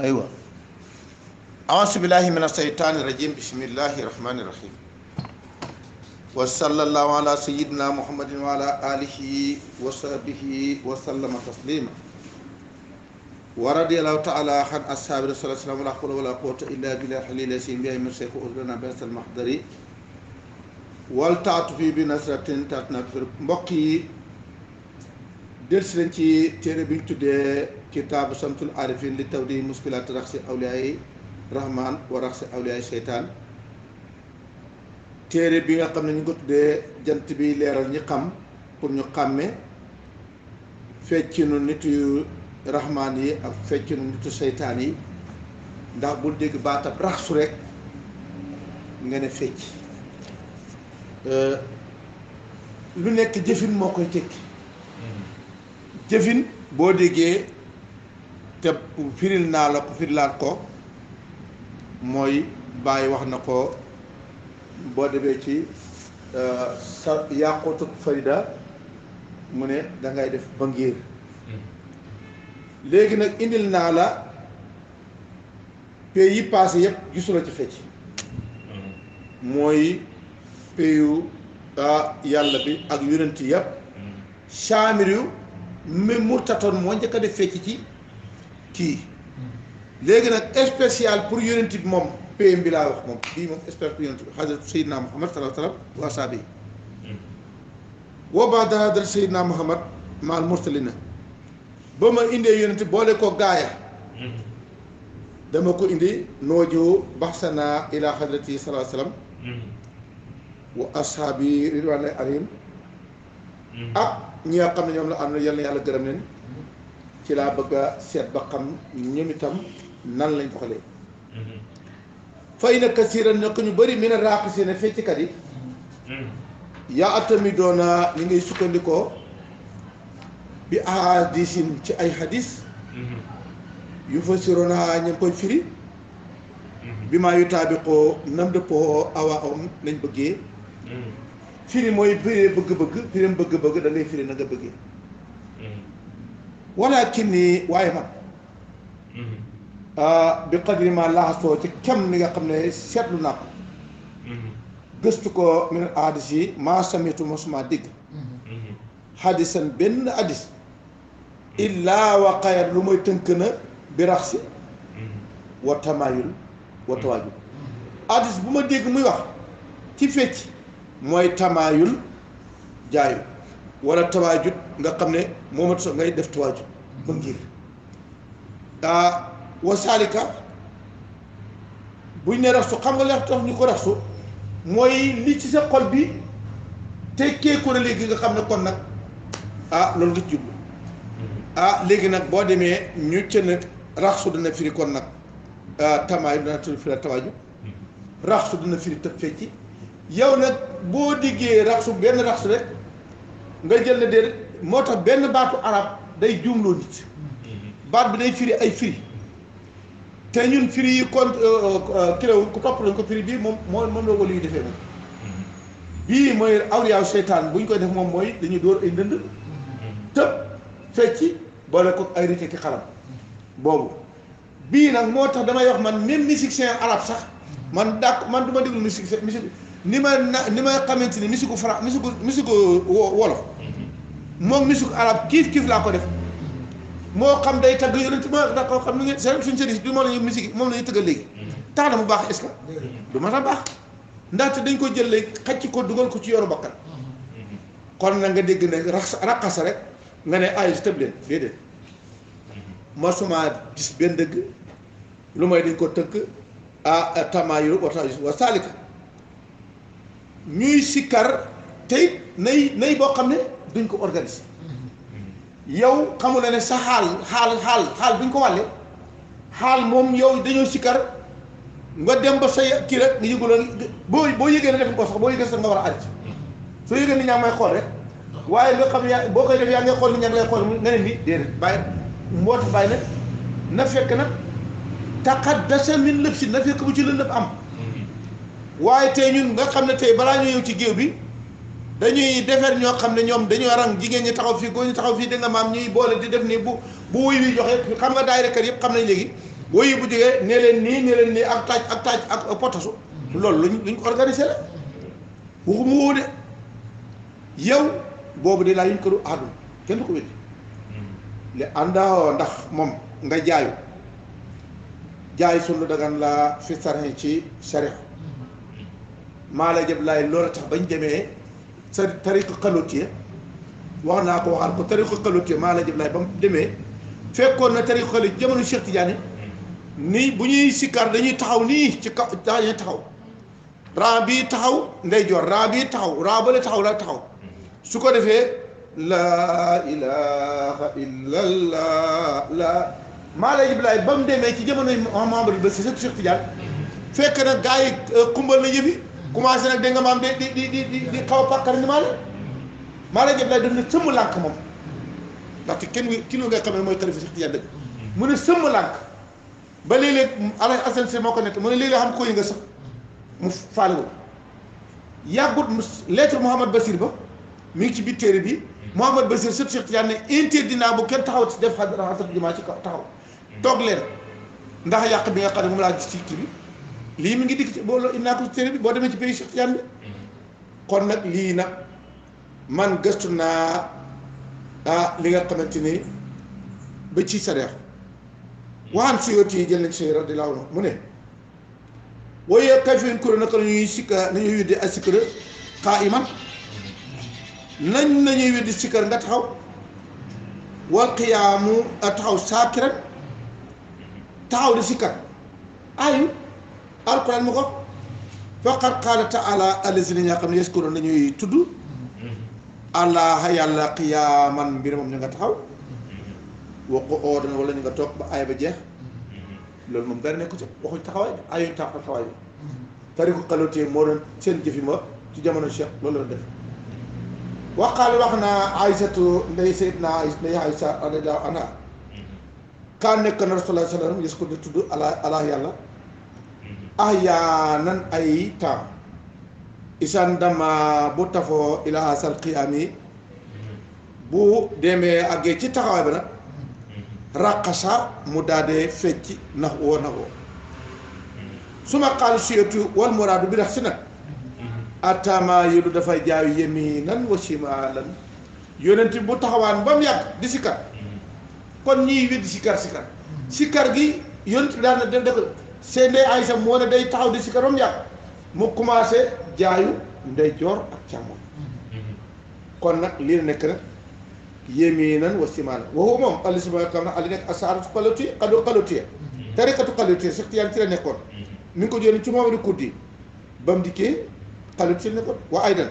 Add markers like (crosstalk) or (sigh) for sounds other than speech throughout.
ايوه أعوذ بالله من الشيطان الرجيم بسم الله الرحمن الرحيم وصلى الله على سيدنا محمد وعلى آله وصحبه وسلم تسليما ورضي الله تعالى عن أصحاب رسول الله صلى الله عليه وسلم ولا قوة إلا بالله الحليل يسين بها من شيخ أذرنا بأس المحضري والتعطف بنصرة تتنفر مقي درس لنتي تيري بنتو kitaabu samsul arifin li taw di muskilaat rax si awliyaay wa rax si seytaan téere bi nga xam ne ñu ko tuddee jant bi leeral ñi xam pour ñu xàmme feccinu nitu yu rahmaan yi ak feccinu nitu seytaan yi ndax bul dégg baatab raxsu rek nga ne fecc lu nekk jëfin moo koy tekki mm-hmm. jëfin boo déggee te firil naa la ko firilaat ko mooy bàyyi wax na ko boo demee ci euh, sa yàqutut farida mu ne dangay def ba ngir léegi nag indil naa la pays yi passé yëpp gisula ci fecc mooy payu euh, yàlla bi ak yonent yëpp mm. saamir yu mais murtatoon moo njëkk a def fecc ci kii léegi nag spécial pour yonent bi moom PM bi laa wax moom bii moom spécial pour yonent bi xaajal Seydina Muhammad salaa salaam waa saabi yi woo baa dara dara ba ma indee yonent boole ko gaaya dama ko indi noojo baxsana ila xadrati salaa salaam wa ashaabi ridwaanal alim ak ñi nga xam ne ñoom la am na yal na yàlla gërëm leen ci laa bëgg a seet ba xam ñoom itam nan lañ doxalee mhm. fay na kasiran nag ñu bari mi ne raaqisi ne feccikat yi mhm. yaa atami doona ñu ngay sukkandikoo bi ahadisin ci ay hadis mhm. yu fa siroona ñu ngi koy firi bi maa yu taabiqoo nam dëppoo awa om lañ bëggee firi mooy firi bëgg-bëgg firim bëgg-bëgg da firi na bëggee ولكني وايما آه، بقدر ما الله صوت كم نقمنا شد نقم قستكو من الأحاديث ما سميت مسمى ديك حديثا بن أديس إلا وقير لمي تنكنا برخصي وتمايل وتواجد أديس بما ديك مي تفتي موي تمايل جاي ولا تواجد nga xam ne moomatu sax ngay def tuwaaju ba ngir ah, wasaalika buñ ne raxsu xam nga leex tax ñu ko raxsu mooy li ci sa xol bi tekkee ko na léegi nga xam ne kon nag ah loolu nga jublu mm-hmm. ah léegi nag boo demee ñu cën nag raxsu dana firi kon nag ah, tamaayu dana firi tawaaju mm-hmm. raxsu dana firi tëb fecci yow nag boo diggee raxsu benn raxsu rek nga jël na déedéet moo tax benn baatu arab day juumloo nit baat bi day firi ay firi te ñun firi yi kon euh, euh, kiréwu ku topp lañ ko firi bii moom moo moom la wali yu defee moom bii mooy awliyaaw seytaan bu ñu koy def moom mooy dañuy dóor ay ndënd tëb fecci boole ko ay rite ki xalam boobu bii nag moo tax damay wax man même musicien arabe sax man dàq man du ma déglu musique musique ni ma na ni ma xamante ni musique fran musique musique wolof moom misuk arab kiif kiif laa ko def moo xam day tagg yonent ma da ko xam ni ngeen seen suñ sëriñ bi moom lañuy musique moom lañuy tëggal léegi tax na mu baax est-ce que du ma sax baax ndaxte dañ ko jël léegi xacc ko dugal ko ci yoru bakkan kon na nga dégg ne raqasa rek nga ne ay tëb leen déedéet masumaa gis benn dëgg lu may dañ ko tëgg tënk a tamaayuru wa saalika ñuy sikkar tey nay nay boo xam ne duñ ko organiser yow xamu na ne sa xaal xaal xaal xaal duñ ko wàlle xaal moom yow dañoo sikkar nga dem ba sa kii rek nga yëguloon boo boo yëgee ne def ko sax boo yëgee sax nga war a arrêté soo yëgee ni ñaa may xool rek waaye nga xam yaa boo koy def yaa ngay xool ni ñaa ngay xool nga ne nii déedéet bàyyi mboot bàyyi nag na fekk nag taqaddasa min lëb si na fekk bu ci lëndëm am mm-hmm. waaye tey ñun nga xam ne tey balaa ñu yow ci géew bi dañuy defer ñoo xam ne ñoom dañoo rang jigéen ñi taxaw fii góor ñi taxaw fii da nga maam ñuy boole di def nii bu bu wuy wi joxe xam nga daayira kër yëpp xam nañ léegi wuy bu jógee ne leen nii ne leen nii ak taaj ak taaj ak potasu loolu luñ luñ organisé la yow boobu de laa yuñ këru aadul kenn du ko wéti li àndaawoo ndax moom nga jaayu jaay sunu dagan la fi sarin ci sariya maa la jëb laay loolu tax bañ demee sa tariqa xalotiye wax naa ko waxaat ko tariqa xalotiye maa la jëb laay ba mu demee fekkoon na tariqa xalotiye jamono Cheikh Tidiane nii bu ñuy sikkar dañuy taxaw nii ci kaw dañuy taxaw raa bii taxaw ndeyjoor raa bii taxaw raa bale taxaw la taxaw su ko defee laa ilaha illa allah la maa la jëb laay ba mu demee ci jamono Mouhamadou ba si Cheikh Tidiane fekk na gars yi euh, xumbal na yëbi commencé nag dégg nga maam di di di di a maa la maa la jëb lay def ne sëmm lànk moom ndaxte kenn ki lu nga xam ne mooy tarifi Cheikh Tidiane dëgg mu ne sëmm lànk ba léeg-léeg alay asan si moo ko nett mu ne léeg-léeg xam koy nga sax mu faale wu yàggut lettre Mouhamad Basir ba mi ngi ci biir téere bi Mouhamad Basir sët Cheikh Tidiane ne interdit naa bu kenn taxaw ci def xadra xadra jumaa ci taxaw toog leen ndax yàq bi nga xam ne moom laa gis ci bi lii mi ngi dikk ci boo naa ko ci téere bi boo demee ci pays Cheikh Tidiane bi kon nag lii nag man gëstu naa ah li nga xamante ni ba ci sareex waxaan Suyuti jël nañ Suyuti radiyallaahu anhu mu ne wooyee kay fiin kuré naka nañuy sikka nañuy weddi ak sikkara xaa iman nañ nañuy weddi sikkar nga taxaw wal xiyaamu a taxaw saakiran taxaw di sikkar ayu alquran mu ko faqad qaala taala allazina ñaa xam ne yaskuroon la ñuy tudd allah yàlla qiyaaman mbir moom ñu nga taxaw wa qu'uudan wala ñu nga toog ba aay ba jeex loolu moom dara nekku ci waxuñ taxawaay bi ayuñ taxaw taxawaay bi tariku xalotee moo doon seen jëfi ma ci jamono cheikh loolu la def waqaal wax naa aysatu ndey sayidna ndey aysa radiyallahu anha kaa nekk na rasulullah sallam yaskur di yàlla ahyaanan ay temps isan dama bu tafoo ilaa sal qiyaami bu demee àggee ci taxawaay ba nag raqasa mu daadee fecc nax woo nax suma xaalisiyatu wal muraadu bi rax si nag atama yëlu dafay jaayu yeminan wa shimaalan yonent bu taxawaan ba mu yàgg di sikar kon ñii wéddi sikar sikar sikar gi yonent bi daan na seen ndey Aysa moo ne day taxaw di si karam yàgg mu commencé jaayu ndey joor ak càmmoñ kon nag lii nekk nag yéeminan wa simaana waxu moom ali sima xam na ali nekk asaaratu xalotiye xado xalotiye tarikatu xalotiye nekkoon mi ngi ko jëlee ci Mohamadu ba mu dikkee xalotiye nekkoon waa aydan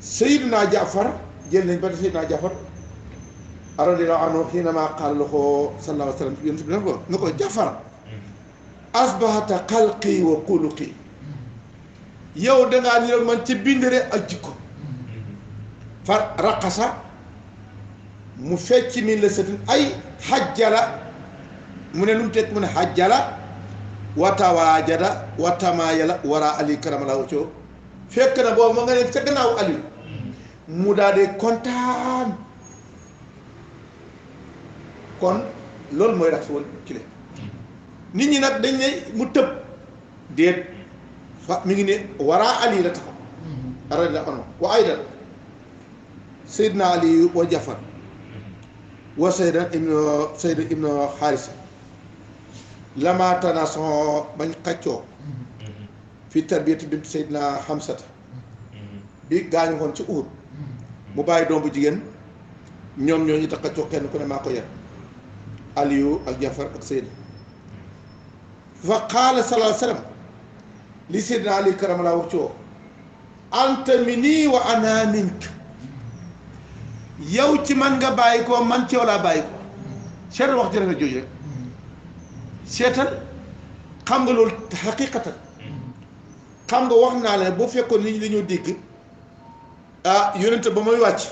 Seydina Jaafar jël nañ ba te Seydina Jaafar radiyallaahu anhu xiina maa qaala lahu sallallaahu alayhi wa sallam yéen si ne ko ne asbahata xalqi wa xuluqi yow dangaa niroog man ci bindere ak jikko far raqasa mu fecc min la setin ay xajjala mu ne lu mu teg mu ne xajjala wa tawaajada wa tamaayala wara ali karamala coo fekk na boobu ma nga nekk gannaaw ali mu daal de kontaan kon loolu mooy rax su woon ci nit ñi nag dañ ne mu tëb déet fa ngi ne waraa ali la taxaw mm-hmm. radiyallaahu anhu wa aydan sayyidna ali wa jafar wa saydan ibnu saydan ibnu xaarisa lama tanason bañ xaccoo mm-hmm. fi tarbiyati bint sayyidna xamsata mm-hmm. bi gaañu woon ci uut mu bàyyi doom bu jigéen ñoom ñoo ñu tax xaccoo kenn ku ne maa ko yar aliyu ak jafar ak saydan فقال صلى الله عليه وسلم لسيدنا علي كرم الله وجهه أنت مني وأنا منك يو تي مانغا بايكو مان تي ولا بايكو شر وقت جرف جوجي سيتال خمغ لول حقيقة خمغ وخنا لا بو فيكو ني لي نيو ديغ ا آه، يونت باماي واتش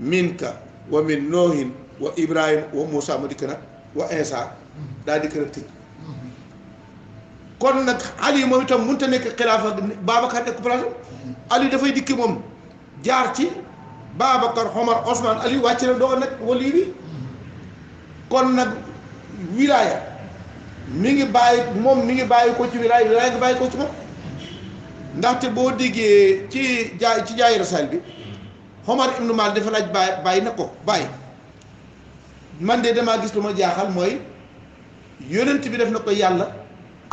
منك ومن نوح وابراهيم وموسى مديكنا وعيسى دا ديكرا تيجي kon nag Aliou moom itam mun te nekk xilaafa Babacar nekk place Aliou dafay dikk moom jaar ci Babacar Omar Ousmane Aliou wàcc na doog a nekk wali bi kon nag wilaya mu ngi bàyyi moom mi ngi bàyyi ko ci wilaya wilaya ngi bàyyi ko ci moom ndaxte boo déggee ci jaay ci jaayi rasaal bi Omar ibnu Mal dafa laaj bàyyi bàyyi na ko bàyyi man de damaa gis lu ma jaaxal mooy yonent bi def na ko yàlla.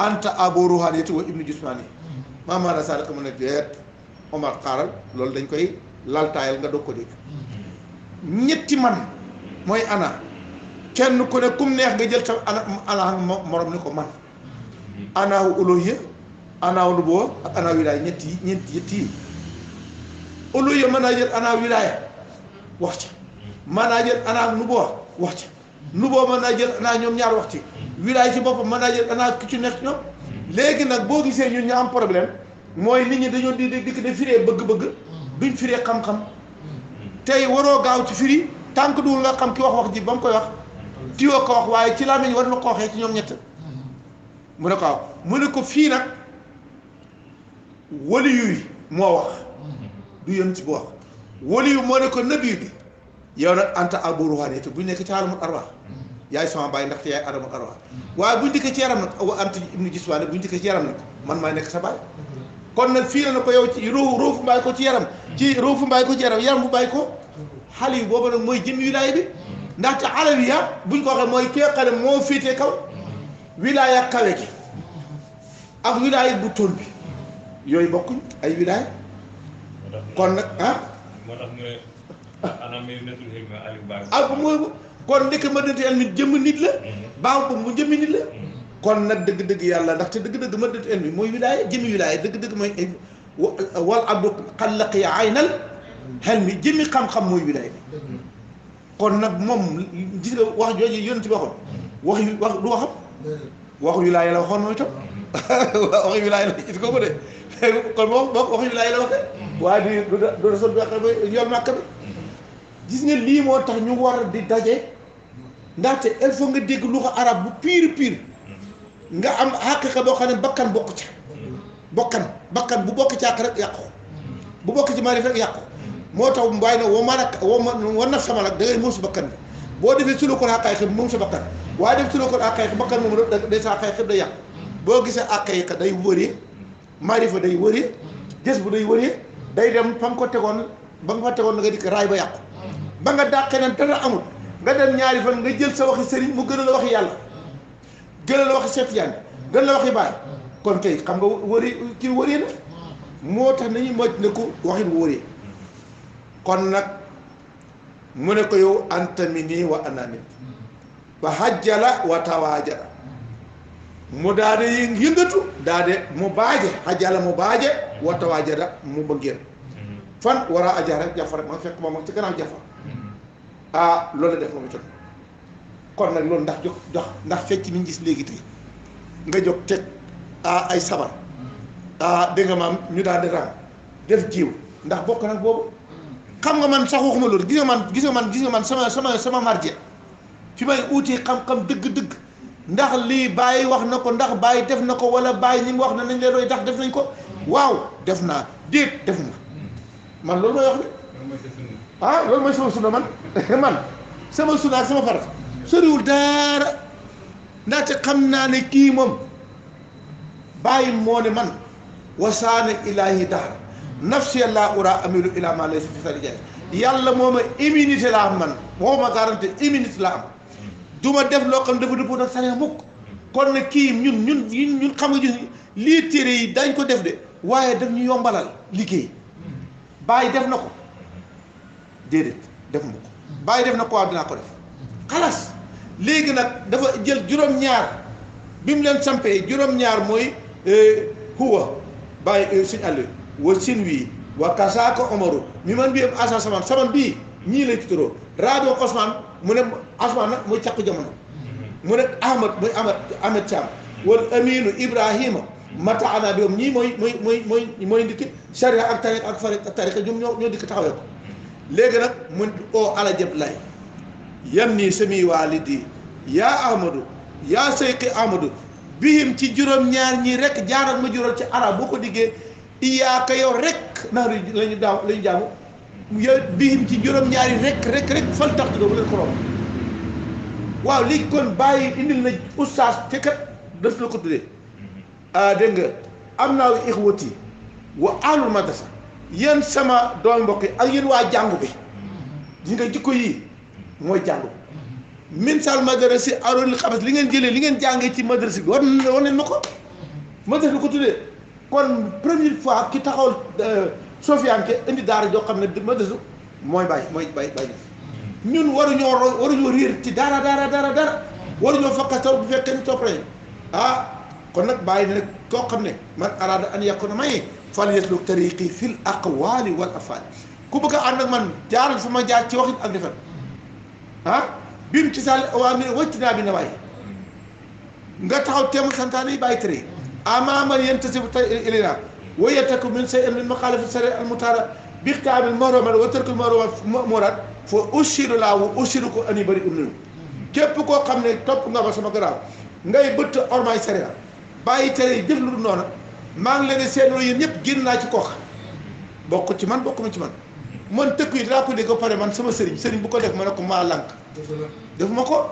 anta abo ruhaniyatu wa ibnu jismani maamaana saada amoon na deet omar xaaral loolu dañ koy laltaayal nga doog ko dégg ñetti man mooy ana kenn ku ne kum neex nga jël tam ana ana morom ni ko man anaaw uluhiyya ak anaaw ñetti yi ñeenti ñetti yi uluhiyya naa jël anaaw wax ca mën naa jël anaaw nubuwwa wax ca nubuwwa mën naa jël anaaw ñoom ñaar wax ci village ci boppam manager danaa ku ci nekk ñoom léegi nag boo gisee ñun ñu am problème mooy nit ñi dañoo di dikk di firee bëgg-bëgg duñ firee xam-xam tey waroo gaaw ci firi tànk duwul nga xam ki wax wax ji ba mu koy wax tiyo ko wax waaye ci làmmiñ war na ko waxee ci ñoom ñett mu ne ko waaw mu ne ko fii nag wali moo wax du yem ci bu wax wali yu moo ne ko nabi bi yow nag anta aburu wanete bu nekk ci alamul arwaax yaay sama baay ndaxte yaay adamul arwaax waaye buñ dikkee ci yaram nag awa ant ci yaram nag man maay nekk sa baay kon nag fii la na ko yow ci roofu mbaay ko ci yaram ci roofu mbaay ko ci yaram yaram bu bàyyi ko xale yi booba nag mooy jëm wilaay bi ndaxte buñ ko mooy kii xam ne moo kaw wilaaya kawe gi ak wilaaya bu tóol bi yooyu bokkuñ ay wilaay kon nag ah moo ah, mooy kon ndekk madinatu ilmi jëmm nit la mm-hmm. baaw ko mu jëmmi nit la mm-hmm. kon nag dëgg-dëgg yàlla ndaxte dëgg-dëgg madinatu ilmi mooy wilaaya jëmmi wilaaya dëgg-dëgg mooy wal abdu xallaqiya aynal xel mi jëmmi xam mm-hmm. nag moom gis nga wax jooju yonent bi waxoon wax yu wax du waxam wax wilaaya la waxoon mooy tam (laughs) wax wilaaya la it ko ko de (laughs) kon moom wax wilaaya la waxee waaye du du du sol bi wax mooy bi gis nga lii moo tax ñu war di daje ndaxte il faut nga dégg lu ko arab bu pire pire nga am xaqiqa boo xam ne bakkan bokk ca bokkan bakkan bu bokk ci àq rek yàqu bokk ci maarif rek yàqu moo tax mbaay na wa marak wa naf sama nag da ngay moom sa bakkan bi boo defee sulu kon xaqaayiq bi moom si bakkan waa def sulu kon xaqaayiq bakkan moom rek day sa xaqaayiq day yàqu boo gisee xaqaayiq day wëree maarifa day wëree gës bu day wëree day dem fa nga ko tegoon ba nga fa tegoon nga dikk raay ba yàqu ba nga dàqee nag dara amul nga dem ñaari fan nga jël sa waxi sëriñ mu gën wax la waxi yàlla gën la waxi seet yaan gën la waxi baay kon kay xam nga wëri kii wëree na moo tax nañu moj ne ko waxin wóoree kon nag mu ne ko yow anta minni wa ana min ba hajjala wa tawaajala mu daade yëngatu daade mu baaje hajjala mu baaje wa tawaajala mu bëggeen fan war a ajaar ak jafar ma fekk moom ak ci gannaaw jafar hmm. ah loolu def ma ma jot kon nag loolu ndax jox jox ndax fecc ni ñu gis léegi tey nga jóg teg ah ay sabar hmm. ah dégg maam ñu daal di ram def jiw ndax bokk nag boobu hmm. xam nga man sax waxuma loolu gis nga man gis nga man gis nga man sama sama sama marje fi may uutee xam-xam dëgg-dëgg ndax lii bàyyi wax na ko ndax bàyyi def na ko wala bàyyi ni mu wax na nañ leen roy ndax def nañ ko waaw def naa déet def na man loolu may wax de ah loolu mooy sama sunna man (laughs) man sama sunna ak sama farat soriwul daara ndaxte xam naa ne kii moom bàyyi moo ne man wasaane ilaahi daara nafsi allah ura amilu ila ma laysa fi sari yàlla moo ma la am man moo ma garanti la am du ma def loo xam dafa dëppoo nag sariya mukk kon nag kii ñun ñun ñun xam nga gis lii téere yi dañ ko def de waaye daf ñu yombalal liggéey bàyyi def na ko déedéet defuma ko bàyyi def na ko waaw ko def xalaas léegi nag dafa jël juróom-ñaar bi mu leen sampee juróom-ñaar mooy euh, huwa bàyyi euh, suñu àll wa sin wi wa kasaaka omaru mi man bi am asan saman saman bii ñii leen tuturoo raado Ousmane mu ne Ousmane nag mooy càqu jamono mm-hmm. mu nekk Ahmad mooy Ahmad Ahmad Thiam wal aminu Ibrahima mata ana bi yoom ñii mooy mooy mooy mooy mooy ndikki sharia ak tari ak fari ak tariqa ñoom ñoo ñoo dikk taxawee ko léegi nag mun oo ala jëb lay yam nii sami waalidi yaa ahmadou yaa seyqi ahmadou bihim ci juróom-ñaar ñii rek jaaral ma jural ci arab boo ko diggee iyaaka rek nax ri lañu daaw la ñu jaamu ci juróom-ñaar yi rek rek rek fal tax doo bu leen ko romb waaw léegi kon bàyyi indil na ustaas te daf la ko tuddee Ah, dégg nga am naa ixwati wa ahlul madrasa yéen sama doomi mbokk yi ak yéen waa jàngu bi ñi nga jikko yii mooy jàngu bi min sal madrasi xabas li ngeen jëlee li ngeen jàngee ci madrasi bi war war nañ ma ko madrasi bi ko tuddee kon première fois ki taxawal euh, sofiyanke indi daara joo xam ne madrasi mooy bàyyi mooy bàyyi bàyyi ñun waruñoo waruñoo réer ci dara dara dara dara waruñoo fakkatal bu fekkee ni topp ah كون نك باي نك كو خامني xam اراد ان يكون ماي yakuna may fal yaslu tariqi fil aqwali wal afaali ku bëgg a ànd ak man jaaral fu ma jaar ci waxit ak defal ah biir nga taxaw tem santaane bay bàyyi tere amaamal yentasibu ilina wayataku min shay'in min makhalif sari al mutara bi al marwa wa tark al marwa murad fa ushiru la wa ushiru ko ani bari um kep ko xamne top nga ba sama graw ngay bëtt ormaay sariya bàyyi tere yi jëf lu dul noonu maa ngi leen seenoo yéen ñëpp génn naa ci koox bokk ci man bokk ma ci man man tëkk yi dinaa ko dégg man sama sëriñ sëriñ bu ko def ma ne ko maa lànk defuma ko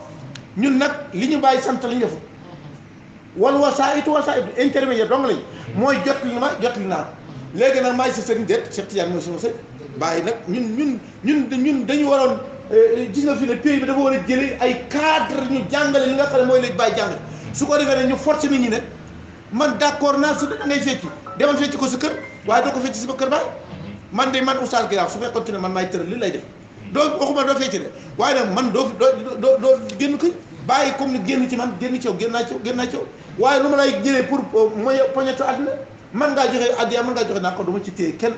ñun nag li ñu bàyyi sant la ñu defu wal wasaayitu wasaayitu intermédiaire dong lañ mooy jot li ma jot naa léegi nag maay sa sëriñ déet Cheikh Tidiane mooy sama sëriñ bàyyi nag ñun ñun ñun ñun dañu waroon euh, gis nga fi ne pays bi dafa war a jëlee ay cadre ñu jàngale li nga xam ne mooy léegi bàyyi jàngale su ko defee ne ñu forcé nit ñi ne man d'accord naa su dee ngay fecc demal fecc ko sa kër waaye doo ko fecc sama kër baay man de man oustaz Guèye su fekkoon ne man maay tëral lii lay def doo waxuma doo fecc de waaye nag man doo doo doo génn kër bàyyi comme ni génn ci man génn ci yow génn génn naa ci yow waaye ma lay jëlee pour euh, moy poñetu àdduna man ngaa joxe addiya man ngaa joxe naa ko du ma ci téye kenn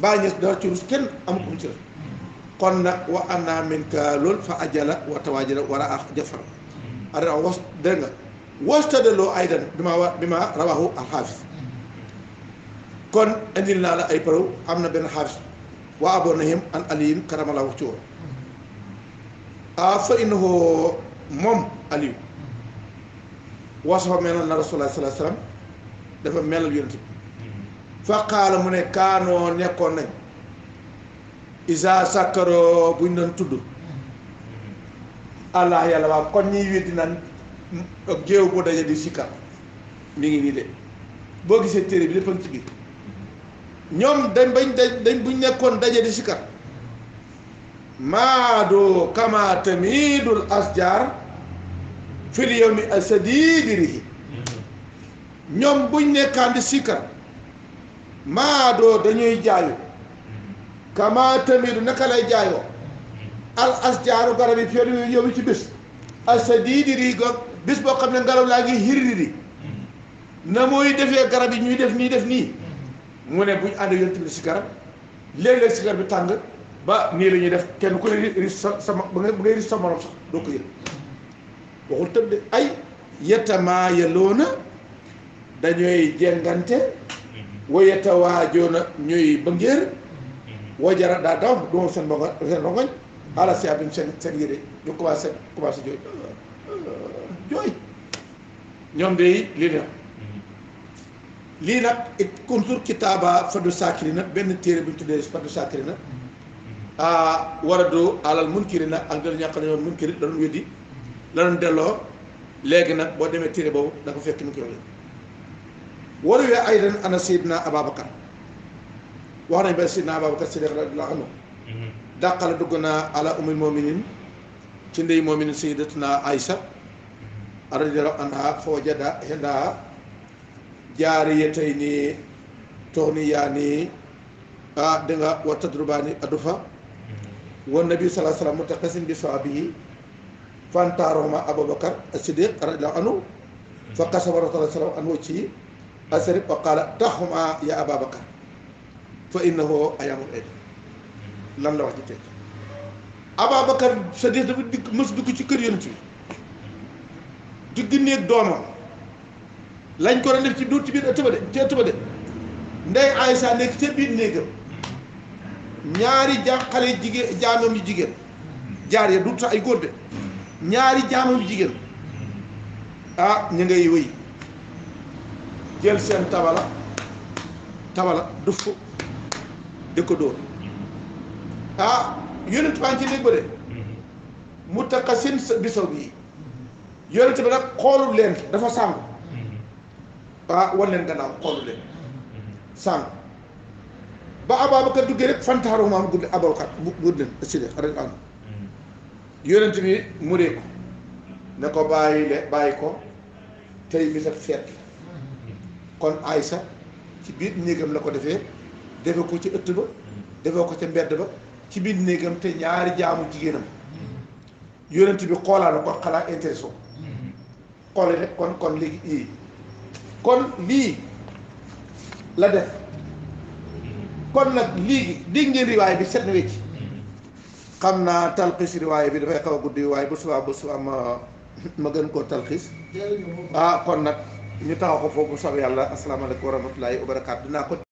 bàyyi ñes dara ci rus kenn amu ko ci la kon nag wa anna minka lool fa ajala wa tawaajala war a jafar ada was dégg nga wastadaloo aydan bi ma wa bi ma rawahu alxaafis kon indil naa la ay paraw am na benn xaafis waa aboo nahim an aliyin karamallahu wajhahu a fa innahu moom aliyu wasafa melal na rasulullah sallallahu alayhi wa dafa melal yonent bi mu ne kaanoo nekkoon nañ isa sàkkaroo buñ doon tudd allah yàlla waaw kon ñiy weddi naan ab géew bu daje di sikkar mi ngi nii de boo gisee téere bi lépp a ci biir ñoom dañ bañ dañ buñ nekkoon daje di sikkar maadoo kama tamidul asjar fil yawmi asadidirihi ñoom buñ nekkaan di sikkar maadoo dañuy jaayu kama naka lay jaayoo al asjaaru garab yi fii yow ci bés asadiidirihi bis boo xam ne ngelaw laa ngi hiriri na muy defee garab yi ñuy def nii def nii mu ne bu ñu ànd yonent bi si garab léeg-léeg si garab bi tàng ba nii la ñuy def kenn ku ne ris sa sama ba ngay ris sa morom sax doo ko yëg waxul tëb de ay yetamaa yaloona dañooy jengante mhm. wa yetawaajoona ñooy bëngéer mhm. wa jara daa daw du moom seen bongo seen rongoñ ala si abim seen seen yére ñu commencé commencé jooy jooy ñoom day lii nag mm-hmm. lii nag it kuntur kitaaba fadu saakirina benn téere bu ñu tuddee fadu na mm-hmm. ah, waradu alal munkirina ak dana ñàkk nañoo munkiri la doon weddi mm-hmm. la doon delloo léegi nag boo demee téere boobu da ko fekk ni ko yooyu waruwee ay ren ana sayidina Ababacar wax nañ ba sayidina Ababacar Siddiq radiyallahu anhu dàqala dugg naa ala umil mominin ci ndey mominin sayidatuna Aïsa radiyallahu anha fa wajada hinda jaariyatayni tughniyaani a danga wa tadrubaani adufa mm-hmm. wa nabi sallallahu alayhi wasallam mutaqasim bi saabihi fantaarahuma abubakar as-siddiq radiyallahu anhu mm-hmm. fa qasama rasulullah sallallahu anhu ci asrib wa qala tahuma ya ababakar fa innahu ayamul aid mm-hmm. lan la wax ji teg ababakar sa dee dafa dikk mës dugg ci kër yonent bi digg néeg doomam lañ ko doon def ci duut ci biir ëtt ba de ci ëtt ba de ndey Aysa nekk ca biir néegam ñaari jaam xale jigéen jaar ya duut sax ay góor de ñaari jaamam yu jigéen ah ñu ngay wëy jël seen tabala tabala duff di ko dóor ah yonent baa ngi ci néeg ba de mu takka seen bisaw bi yonent bi nag xoolul leen dafa sànq mm-hmm. ah wan leen gannaaw xoolul leen mm-hmm. sànq ba Ababacar duggee rek fantaaru ma am guddi abalkat bu gudd leen si ren am yonent bi mu dee ko ne ko bàyyi le bàyyi ko tey bi sa feet mm-hmm. kon Aysa ci biir néegam la ko defee defe ko ci ëtt ba defee ko ca mbedd ba ci biir néegam te ñaari jaamu jigéenam yonent bi xoolaana ko xalaat intéressé xoole rek kon kon léegi ii kon lii la def kon nag léegi dégg ngeen riwaay bi set na wecc xam naa talxiis riwaay bi dafay xaw a guddi waaye bu subaa bu subaa ma ma gën koo talxiis ah kon nag ñu taxaw ko foofu bu soobee yàlla asalaamaaleykum wa rahmatulahi wa barakaatu dinaa ko